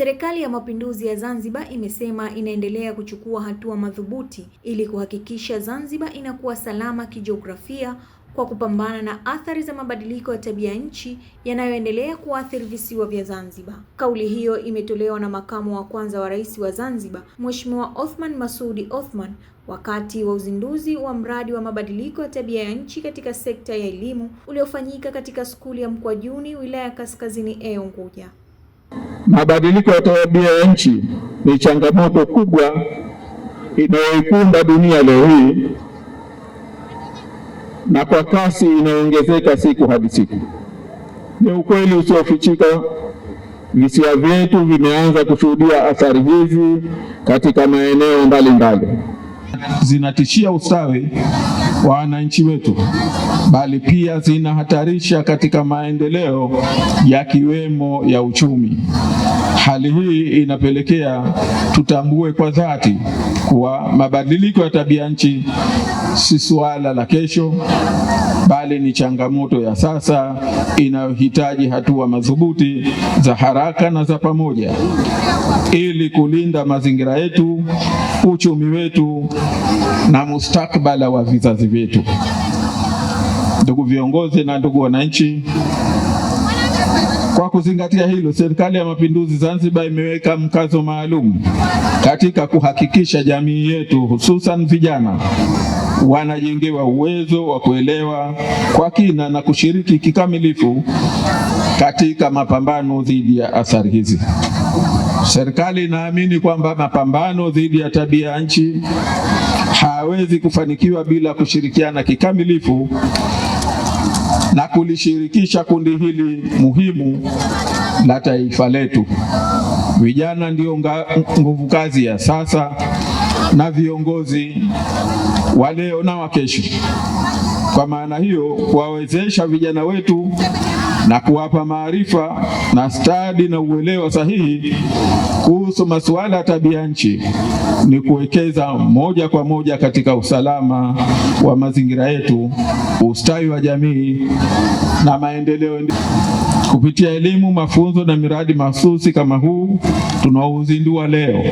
Serikali ya Mapinduzi ya Zanzibar imesema inaendelea kuchukua hatua madhubuti ili kuhakikisha Zanzibar inakuwa salama kijiografia kwa kupambana na athari za mabadiliko ya tabia nchi yanayoendelea kuathiri visiwa vya Zanzibar. Kauli hiyo imetolewa na makamu wa kwanza wa rais wa Zanzibar, Mheshimiwa Othman Masudi Othman wakati wa uzinduzi wa mradi wa mabadiliko ya tabia ya nchi katika sekta ya elimu uliofanyika katika skuli ya Mkwajuni, wilaya ya Kaskazini A, Unguja. Mabadiliko ya tabia ya nchi ni changamoto kubwa inayoikumba dunia leo hii na kwa kasi inayoongezeka siku hadi siku. Ni ukweli usiofichika, visiwa vyetu vimeanza kushuhudia athari hizi katika maeneo mbalimbali, zinatishia ustawi wa wananchi wetu bali pia zinahatarisha katika maendeleo ya kiwemo ya uchumi. Hali hii inapelekea tutambue kwa dhati kuwa mabadiliko ya tabia nchi si suala la kesho, bali ni changamoto ya sasa inayohitaji hatua madhubuti za haraka na za pamoja ili kulinda mazingira yetu, uchumi wetu na mustakabala wa vizazi vyetu ndugu viongozi na ndugu wananchi, kwa kuzingatia hilo, Serikali ya Mapinduzi Zanzibar imeweka mkazo maalum katika kuhakikisha jamii yetu hususan vijana wanajengewa uwezo wa kuelewa kwa kina na kushiriki kikamilifu katika mapambano dhidi ya athari hizi. Serikali inaamini kwamba mapambano dhidi ya tabia nchi hayawezi kufanikiwa bila kushirikiana kikamilifu na kulishirikisha kundi hili muhimu la taifa letu. Vijana ndio nguvu kazi ya sasa na viongozi wa leo na wa kesho. Kwa maana hiyo, kuwawezesha vijana wetu na kuwapa maarifa na stadi na uelewa sahihi kuhusu masuala ya tabia nchi ni kuwekeza moja kwa moja katika usalama wa mazingira yetu, ustawi wa jamii na maendeleo. Kupitia elimu, mafunzo na miradi mahususi kama huu tunaouzindua leo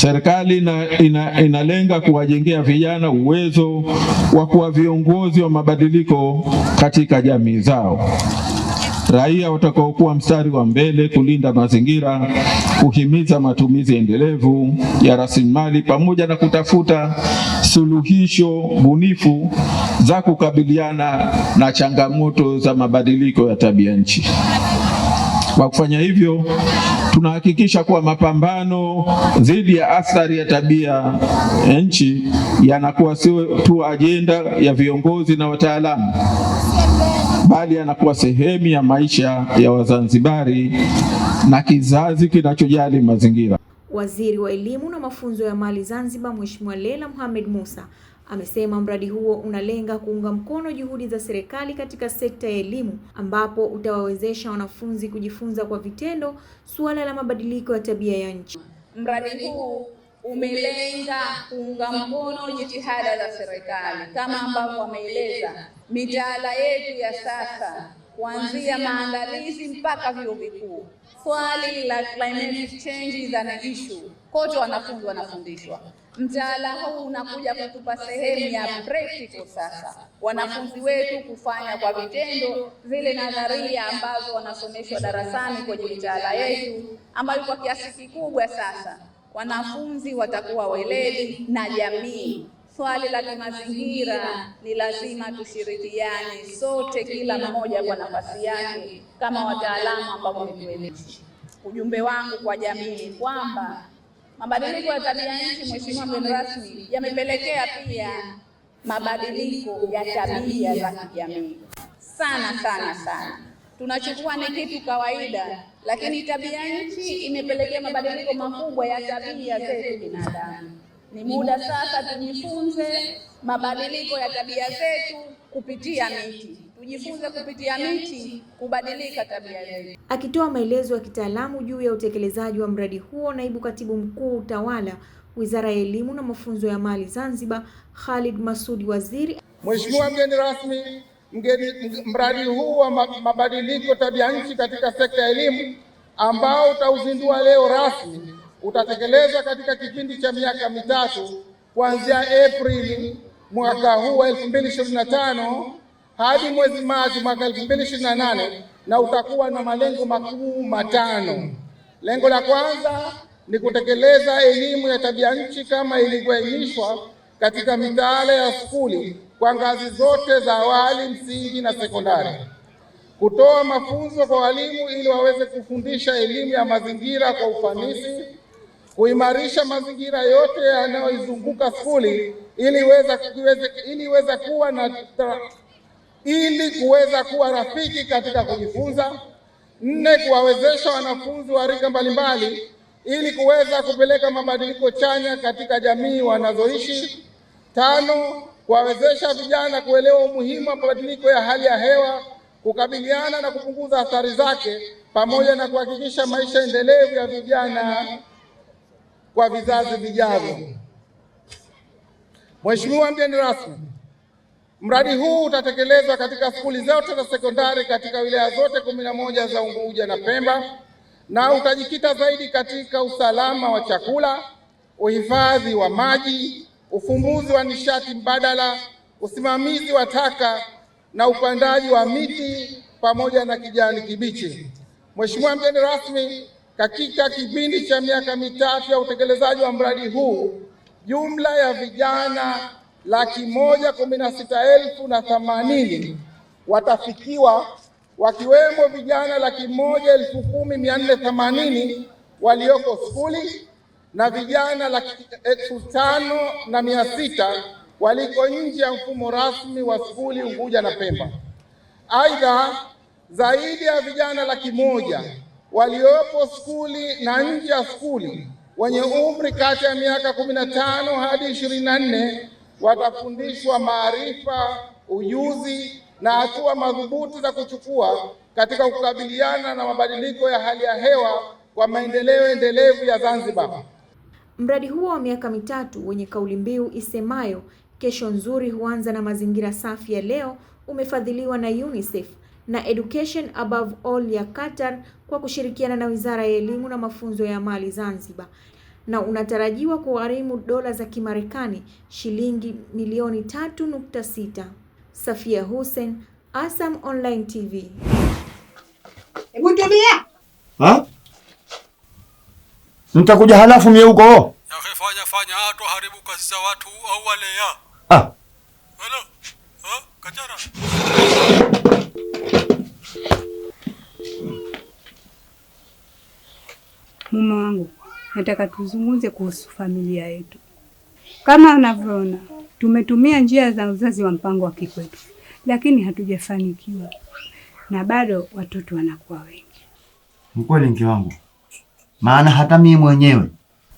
Serikali ina, ina, inalenga kuwajengea vijana uwezo wa kuwa viongozi wa mabadiliko katika jamii zao, raia watakaokuwa mstari wa mbele kulinda mazingira, kuhimiza matumizi endelevu ya rasilimali, pamoja na kutafuta suluhisho bunifu za kukabiliana na changamoto za mabadiliko ya tabia nchi. Kwa kufanya hivyo tunahakikisha kuwa mapambano dhidi ya athari ya tabia ya nchi yanakuwa sio tu ajenda ya viongozi na wataalamu bali yanakuwa sehemu ya maisha ya Wazanzibari na kizazi kinachojali mazingira. Waziri wa Elimu na Mafunzo ya mali Zanzibar, Mheshimiwa Leila Mohamed Musa Amesema mradi huo unalenga kuunga mkono juhudi za serikali katika sekta ya elimu ambapo utawawezesha wanafunzi kujifunza kwa vitendo suala la mabadiliko ya tabia ya nchi. Mradi huu umelenga kuunga mkono jitihada za serikali kama ambavyo wameeleza, mitaala yetu ya sasa kuanzia maandalizi mpaka vyuo vikuu. Swali la climate change is an issue, kote wanafunzi wanafundishwa. Mtaala huu unakuja kutupa sehemu ya practical sasa, wanafunzi wetu kufanya kwa vitendo zile nadharia ambazo wanasomeshwa darasani kwenye mitaala yetu, ambayo kwa kiasi kikubwa sasa wanafunzi watakuwa weledi na jamii swali la kimazingira ni lazima tushirikiane sote, kila mmoja kwa nafasi yake, kama wataalamu ambao wametueleza. Ujumbe wangu kwa jamii kwamba mabadiliko ya tabia nchi, Mheshimiwa mgeni rasmi, yamepelekea pia mabadiliko ya tabia za kijamii sana sana sana. Tunachukua ni kitu kawaida, lakini tabia nchi imepelekea mabadiliko makubwa ya tabia zetu binadamu. Ni muda sasa tujifunze mabadiliko ya tabia zetu kupitia miti, tujifunze kupitia miti kubadilika tabia zetu. Akitoa maelezo ya kitaalamu juu ya utekelezaji wa mradi huo, naibu katibu mkuu utawala, Wizara ya Elimu na Mafunzo ya Mali Zanzibar, Khalid Masudi Waziri. Mheshimiwa mgeni rasmi, mgeni mradi huu wa mabadiliko tabia nchi katika sekta ya elimu ambao utauzindua leo rasmi utatekelezwa katika kipindi cha miaka mitatu kuanzia Aprili mwaka huu wa 2025 hadi mwezi Machi mwaka 2028 na utakuwa na malengo makuu matano. Lengo la kwanza ni kutekeleza elimu ya tabia nchi kama ilivyoainishwa katika mitaala ya skuli kwa ngazi zote za awali, msingi na sekondari, kutoa mafunzo kwa walimu ili waweze kufundisha elimu ya mazingira kwa ufanisi kuimarisha mazingira yote yanayoizunguka skuli ili iweza ili iweza kuwa na ili kuweza kuwa rafiki katika kujifunza. Nne, kuwawezesha wanafunzi wa rika mbalimbali ili kuweza kupeleka mabadiliko chanya katika jamii wanazoishi. Tano, kuwawezesha vijana kuelewa umuhimu wa mabadiliko ya hali ya hewa, kukabiliana na kupunguza athari zake, pamoja na kuhakikisha maisha endelevu ya vijana kwa vizazi vijavyo. Mheshimiwa mgeni rasmi, mradi huu utatekelezwa katika skuli zote za sekondari katika wilaya zote kumi na moja za Unguja na Pemba na utajikita zaidi katika usalama wa chakula, uhifadhi wa maji, ufumbuzi wa nishati mbadala, usimamizi wa taka na upandaji wa miti pamoja na kijani kibichi. Mheshimiwa mgeni rasmi katika kipindi cha miaka mitatu ya utekelezaji wa mradi huu, jumla ya vijana laki moja kumi na sita elfu na themanini watafikiwa wakiwemo vijana laki moja elfu kumi mia nne themanini walioko skuli na vijana laki elfu tano na mia sita waliko nje ya mfumo rasmi wa skuli Unguja na Pemba. Aidha, zaidi ya vijana laki moja waliopo skuli na nje ya skuli wenye umri kati ya miaka 15 hadi 24 watafundishwa maarifa, ujuzi na hatua madhubuti za kuchukua katika kukabiliana na mabadiliko ya hali ya hewa kwa maendeleo endelevu ya Zanzibar. Mradi huo wa miaka mitatu wenye kauli mbiu isemayo kesho nzuri huanza na mazingira safi ya leo umefadhiliwa na UNICEF na Education Above All ya Qatar kwa kushirikiana na Wizara ya Elimu na Mafunzo ya Mali Zanzibar na unatarajiwa kugharimu dola za Kimarekani shilingi milioni 3.6. Safia Hussein, Asam Online TV. Hebu tulia. Ha? Mtakuja halafu mie huko. Ya fanya fanya hatu haribu kazi za watu au wale ya. Ah. Hello. Ha? Kajara. Mume wangu, nataka tuzungumze kuhusu familia yetu. Kama unavyoona, tumetumia njia za uzazi wa mpango wa kikwetu, lakini hatujafanikiwa na bado watoto wanakuwa wengi. Mkweli mke wangu, maana hata mimi mwenyewe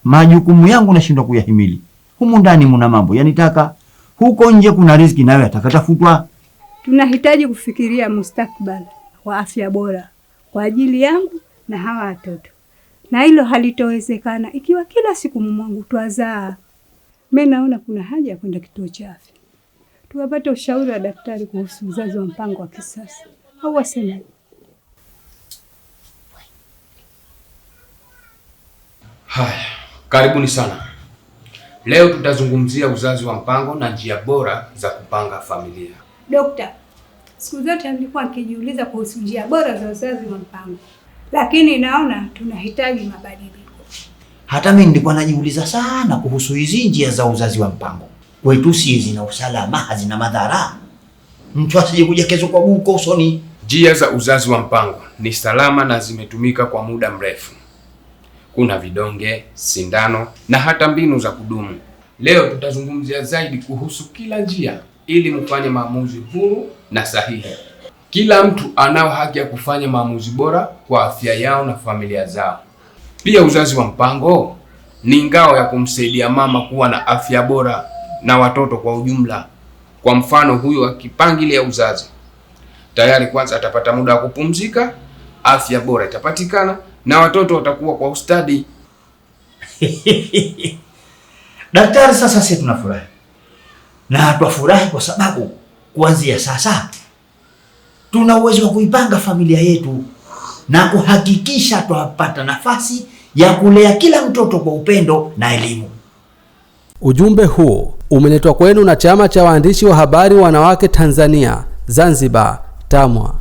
majukumu yangu nashindwa kuyahimili. Humu ndani muna mambo yanitaka, huko nje kuna riziki nayo atakatafutwa. Tunahitaji kufikiria mustakbal wa afya bora kwa ajili yangu na hawa watoto na hilo halitowezekana ikiwa kila siku mumwangu twazaa. Mimi naona kuna haja ya kwenda kituo cha afya tuwapate ushauri wa daktari kuhusu uzazi wa mpango wa kisasa, au waseme Haya, karibuni sana. Leo tutazungumzia uzazi wa mpango na njia bora za kupanga familia. Dokta, siku zote nilikuwa nikijiuliza kuhusu njia bora za uzazi wa mpango lakini naona tunahitaji mabadiliko. Hata mimi nilikuwa najiuliza sana kuhusu hizi njia za uzazi wa mpango kwetu, si zina usalama, hazina madhara, mtu asije kuja kesho kwa guko usoni. Njia za uzazi wa mpango ni salama na zimetumika kwa muda mrefu. Kuna vidonge, sindano na hata mbinu za kudumu. Leo tutazungumzia zaidi kuhusu kila njia ili mfanye maamuzi huru na sahihi. Kila mtu anao haki ya kufanya maamuzi bora kwa afya yao na familia zao. Pia uzazi wa mpango ni ngao ya kumsaidia mama kuwa na afya bora na watoto kwa ujumla. Kwa mfano, huyo akipangilia uzazi tayari, kwanza atapata muda wa kupumzika, afya bora itapatikana na watoto watakuwa kwa ustadi. Daktari, sasa sisi tunafurahi na twafurahi kwa sababu kuanzia sasa tuna uwezo wa kuipanga familia yetu na kuhakikisha twapata nafasi ya kulea kila mtoto kwa upendo na elimu. Ujumbe huo umeletwa kwenu na Chama cha Waandishi wa Habari Wanawake Tanzania Zanzibar, TAMWA.